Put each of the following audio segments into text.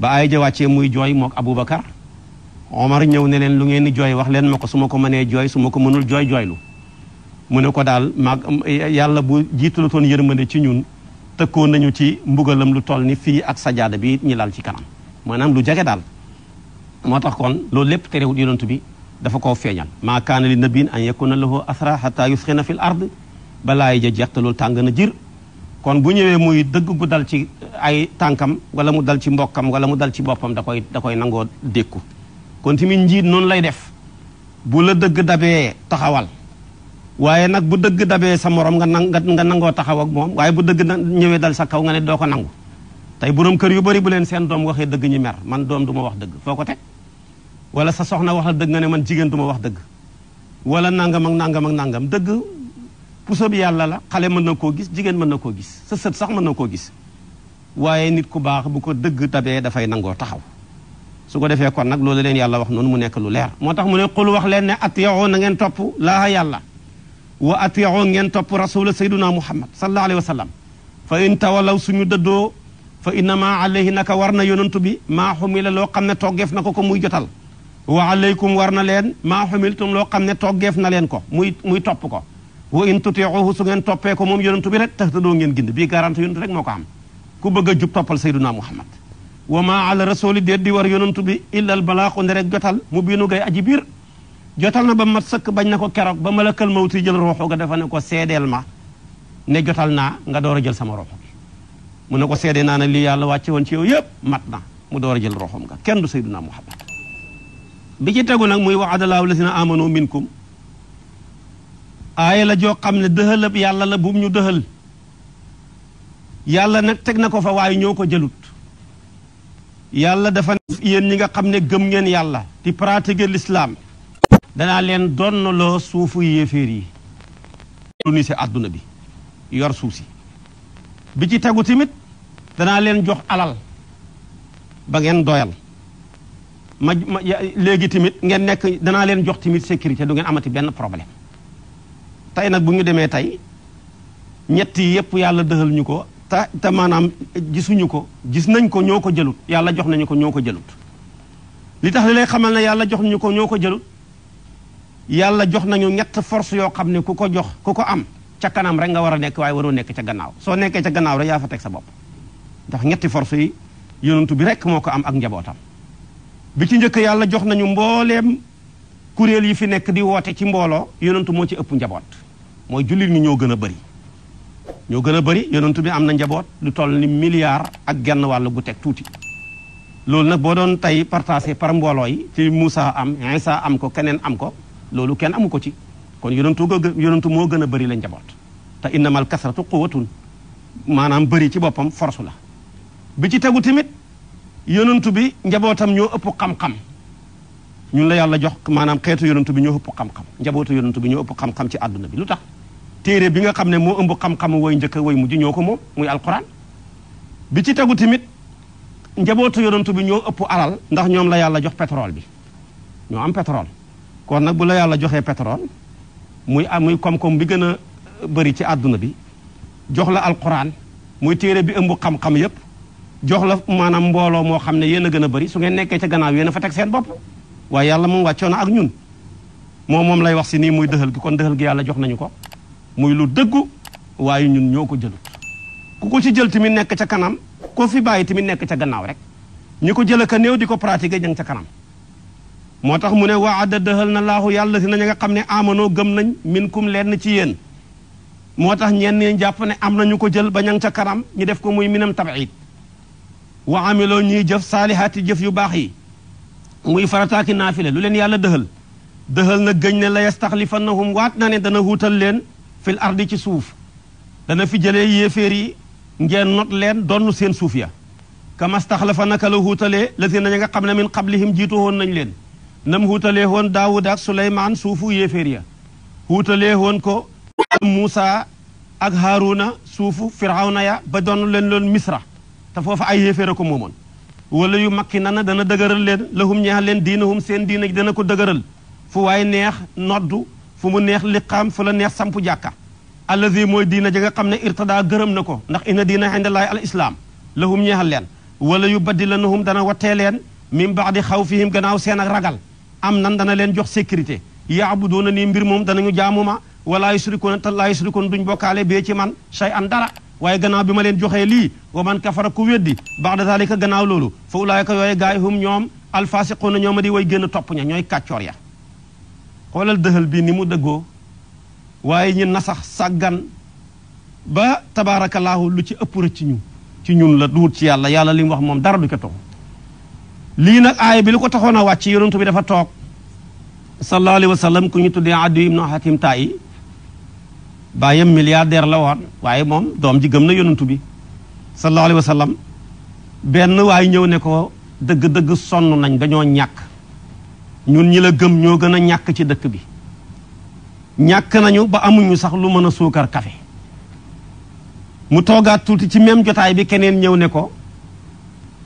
ba ay ja wàccee muy jooy mook abu Aboubacar Omar ñëw ne leen lu ngeen di jooy wax leen ma ko su ma ko mënee jooy su ma ko mënul jooy jooylu mu ne ko daal maag yàlla bu jiitu la jiitulutoon yërmande ci ñun tëkkoon nañu ci mbugalam lu toll ni fii ak sajaada bi ñi laal ci kanam maanaam lu jege daal moo tax kon loolu lépp terewul yonent bi dafa koo feeñal maa kaana li nabiin an yakuna lahu asra hatta yusxina fi ard balaa yi ja jeex te loolu tàng na jir kon bu ñëwee muy dëgg bu dal ci ay tànkam wala mu dal ci mbokkam wala mu dal ci boppam da koy da koy nangoo dékku kon tamit njiit noonu lay def bu la dëgg dabee taxawal waaye nag bu dëgg dabee sa morom nga nang nga nangoo taxaw ak moom waaye bu dëgg ñëwee dal sa kaw nga ne doo ko nangu tey borom kër yu bari bu leen seen doom waxee dëgg ñi mer man doom du ma wax dëgg foo ko te wala sa soxna wax la dëgg nga ne man jigéen du ma wax dëgg wala nangam ak nangam ak nangam dëgg pousseb yàlla la xale mën na koo gis jigen mën na koo gis sa seut sax mën na koo gis waye nit ku bax bu ko tabé da fay nango taxaw su ko defé kon nak loolu len yàlla wax non mu nek lu leer motax mu ne qul wax len ne atiyoo na ngeen topp laa yàlla wa atiyoo ngeen top rasul sayduna muhammad sallallahu alayhi wasallam fa in tawalaw suñu dëddoo fa innama alayhi naka warna na bi ma xumila lo xamne togef nako ko muy jotal wa alaykum warna len ma humiltum lo xamne togef na len ko muy muy top ko wa in tutiuhu su ngeen toppee ko moom yonentu bi rek tax doo ngeen gind bii garanti yonentu rek moo ko am ku bëgg a jub toppal sayduna muhammad wa ma ala rasuli déet di war yonentu bi illal balaaxu nde rek jotal mu biinu gay aji biir jotal na ba mat sëkk bañ na ko keroog ba malakal mawti jël roxo ga dafa ne ko seedeel ma ne jotal naa nga door a jël sama roxo gi mu ne ko seede naa ne lii yàlla wàcce woon ci yow yëpp mat na mu door jël roxom ga kenn du sayduna muhammad bi ci tegu nag muy wa adalaahu lazina amanu minkum aaya la joo xam ne dëxalab yàlla la bum ñu dëxal yàlla nag teg na ko fa waaye ñoo ko jëlut yàlla dafa yéen ñi nga xam ne gëm ngeen yàlla di pratiquer lislaam danaa leen donnaloo suufu yéeféer yi lu si àdduna bi yor suuf si bi ci tegu tamit danaa leen jox alal ba ngeen doyal ma ma léegi tamit ngeen nekk danaa leen jox tamit sécurité du ngeen amati benn problème tey nag bu ñu demee tey ñett yi yëpp yàlla dëxal ñu ko te te maanaam gisuñu ko gis nañ ko ñoo ko jëlut yàlla jox nañu ko ñoo ko jëlut li tax li lay xamal ne yàlla jox ko ñoo ko jëlut yàlla jox nañu ñett force yoo xam ne ku ko jox ku ko am ca kanam rek nga war a nekk waaye waroo nekk ca gannaaw soo nekkee ca gannaaw rek yaa fa teg sa bopp ndax ñetti force yi yonentu bi rek moo ko am ak njabootam bi ci njëkk yàlla jox nañu mbooleem kuréel yi fi nekk di woote ci mbooloo yonentu moo ci ëpp njaboot mooy jullit ñi ñoo gën a bëri ñoo gën a bëri yonentu bi am na njaboot lu toll ni milliard ak genn wàll gu teg tuuti loolu nag boo doon tey partagé par mbooloo yi te Moussa am Isa am ko keneen am ko loolu kenn amu ko ci kon yonentu yonentu moo gën a bëri la njaboot te innamal kasratu quwwatun maanaam bëri ci boppam fors la bi ci tegu tamit yonentu bi njabootam ñoo ëpp xam-xam ñun la yàlla jox maanaam xeetu yonantu bi ñoo ëpp xam-xam njabootu yonantu bi ñoo ëpp xam-xam ci àdduna lu tax téere bi nga xam ne moo ëmb xam-xam way njëkk way mujj ñoo ko moom muy alquran bi ci tegu tamit njabootu yonantu bi ñoo ëpp alal ndax ñoom la yàlla jox pétrole bi ñoo am pétrole kon nag bu la yàlla joxee pétrole muy muy koom bi gën a euh, bëri ci àdduna bi jox la alquran muy téere bi ëmb xam-xam yépp jox la maanaam mbooloo moo xam ne yéen a gën a bëri su ngeen nekkee ca gannaaw yéen fa teg seen bopp waaye yàlla moom wàccoona ak ñun moom moom lay wax si nii muy dëxal gi kon dëxal gi yàlla jox nañu ko muy lu dëggu waaye ñun ñoo ko jëlut ku ko ci jël tamit nekk ca kanam ko fi bàyyi tamit nekk ca gannaaw rek ñu ko jël ka a néew di ko pratiquer ña ca kanam moo tax mu ne waa adda na laahu yàlla si na ña nga xam ne amanoo gëm nañ min kum lenn ci yéen moo tax ñenn ñi jàpp ne am nañu ko jël ba ña ca kanam ñu def ko muy minam tabiit wa amiloo ñuy jëf saalihaati jëf yu baax yi muy farataaki naafile lu leen yàlla dëxal dëxal na gëñ ne la yastaxlifannahum waat na ne dana wuutal leen fil ardi ci suuf dana fi jëlee yéeféer yi ngeen not leen donn seen suuf ya kamastaxlafa naka la huutalee lazina ña nga xam ne min qablihim jiitu woon nañ leen nam huutalee woon daawud ak suleymaan suufu yéeféer ya huutalee woon ko muusa ak haruna suufu firawna ya ba donn leen loon misra te foofa ay yéeféer a ko moomoon wala yu makki na na dana dëgëral leen lahum ñeexal leen diinahum seen diina ji dana ko dëgëral fu waaye neex noddu fu mu neex liqaam fu la neex sampu jàkka allazi mooy diina ja nga xam ne irtadaa gërëm na ko ndax inna diina indallaahi al islaam lahum ñeexal leen wala yu baddilanahum dana wattee leen min baadi xawfihim gannaaw seen ak ragal am nan dana leen jox sécurité yaabuduuna nii mbir moom danañu jaamuma wala yusrikuuna te laa yusrikuuna duñ bokkaale bee ci man shay an dara waye gannaaw bima len joxe li wa man kafara ku weddi baada zalika gannaaw lolu fa ulaayka yoy gaay hum ñom al fasiquna ñom di way génn top ña ñoy kacior ya xolal dehal bi ni mu deggo waye ñi nasax sagan ba tabarakallah lu ci ëpp ci ñu ci ñun la duut ci yàlla yàlla lim wax mom dara du ko tok li nak aaya bi li ko taxoon wàcc yaronte bi dafa tok sallallahu alaihi wasallam ku ñu tuddee adu ibn hatim taa baayam milliardaire la woon waaye moom doom ji gëm na yonantu bi sallallahu alayhi wa benn waaye ñëw ne ko dëgg-dëgg sonn nañ dañoo ñàkk ñun ñi la gëm ñoo gën a ñàkk ci dëkk bi ñàkk nañu ba amuñu sax lu mën a suukar kafe mu toogaat tuuti ci même jotaay bi keneen ñëw ne ko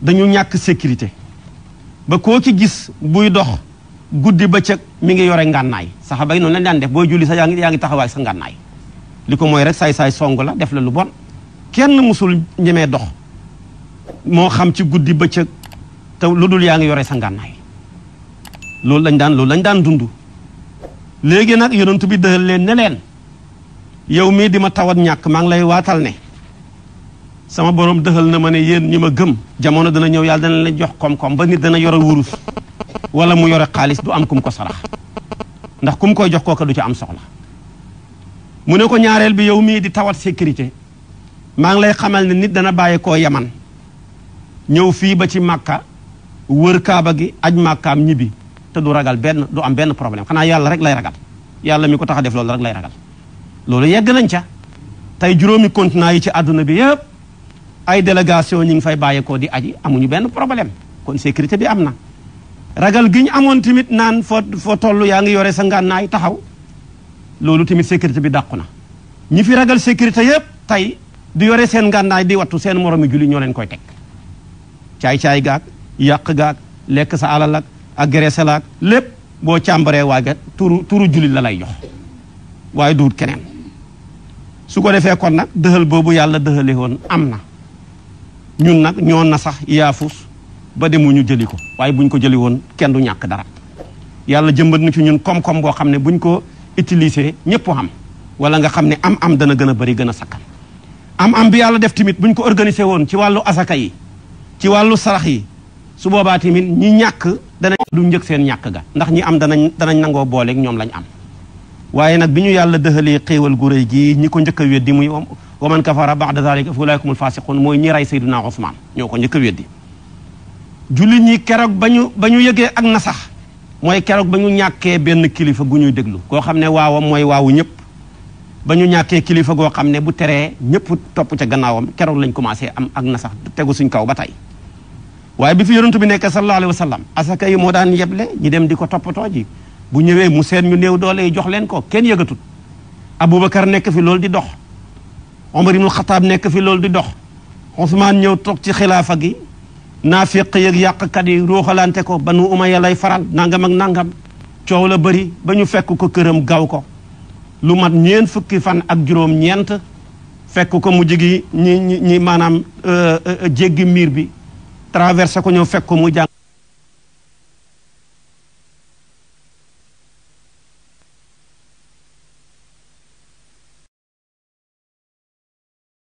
dañu ñàkk sécurité ba koo ci gis buy dox guddi bëccëg mi ngi yore ngànnaay saxaba yi noonu lañ daan def booy julli sa yaa ngi yaa ngi taxawaay sa ngànnaay li ko mooy rek saay-saay song la def la lu bon kenn musul ñemee dox moo xam ci guddi ba bëccëg te lu dul yaa ngi yore sa ngànnaay loolu lañ daan loolu lañ daan dund léegi nag yonentu bi dëxal leen ne leen yow mii di ma tawat ñàkk maa ngi lay waatal ne sama borom dëxal na ma ne yéen ñi ma gëm jamono dana ñëw yàlla dana leen jox koom-koom ba nit dana yore wurus wala mu yore xaalis du am kum ko sarax ndax kum koy jox kooka du ci am soxla mu ne ko ñaareel bi yow mii di tawat sécurité maa ngi lay xamal ne nit dana bàyyi koo yaman ñëw fii ba ci màkka wër kaaba gi aj màkkaam ñibbi te du ragal benn du am benn problème xanaa yàlla rek lay ragal yàlla mi ko tax a def loolu rek lay ragal loolu yegg nañ ca tey juróomi continent yi ci àdduna bi yëpp ay délégation ñi ngi fay bàyyeekoo di aji amuñu benn problème kon sécurité bi am na ragal gi ñu amoon tamit naan foo foo toll yaa ngi yore sa ngànnaay taxaw loolu tamit sécurité bi dàqu na ñi fi ragal sécurité yëpp tey di yore seen ngànnaay di wattu seen moroomi julli ñoo leen koy teg caay-caay gaag yàq gaag lekk sa alal ak agressé laag lépp boo càmbaree waaga turu turu julli la lay jox waaye duut keneen su ko defee kon nag dëxal boobu yàlla dëxale woon am na ñun nag ñoo na sax yaafus ba demuñu jëli ko waaye buñ ko jëli woon kenn du ñàkk dara yàlla jëmbat na ci ñun koom-koom boo xam ne buñ ko utiliser ñëpp am wala nga xam ne am-am dana gën a bëri gën a sakkan am-am bi yàlla def tamit bu ñu ko organiser woon ci wàllu asaka yi ci wàllu sarax yi su boobaa tamit ñi ñàkk danañ du njëkk seen ñàkk ga ndax ñi am danañ danañ nangoo booleeg ñoom lañ am waaye nag bi ñu yàlla dëxalee xéewal gu rëy gi ñi ko njëkk a weddi muy wa man kafara ba'da zalika fa ulaikumul fasiqun mooy ñi rey Sayyiduna Usmaan ñoo ko njëkk a weddi jullit ñi keroog ba ñu ba ñu yëgee ak nasax mooy keroog ba ñu ñàkkee benn kilifa gu ñuy déglu koo xam ne waawam mooy waawu ñëpp ba ñu ñàkkee kilifa goo xam ne bu teree ñëpp topp ca gannaawam keroog lañ commencé am ak na sax tegu suñ kaw ba tey waaye bi fi yonent bi nekk sallallahu alayhi wa sallam asaka yi moo daan yeble ñu dem di ko toppatoo ji bu ñëwee mu seen ñu néew doole yi jox leen ko kenn yëgatut Aboubacar nekk fi loolu di dox Omar ibnul Xataab nekk fi loolu di dox Ousmane ñëw toog ci xilaafa gi naa naafiq yeeg yàqkat yi ruuxalante ko ba nu uma ya lay faral nangam ak nangam coow la bëri ba ñu fekk ko këram gaw ko lu mat ñeent fukki fan ak juróom-ñeent fekk ko mu jigi ñi ñi maanaam euh, euh, jéggi miir bi traverse ko ñëw fekk ko mu jàng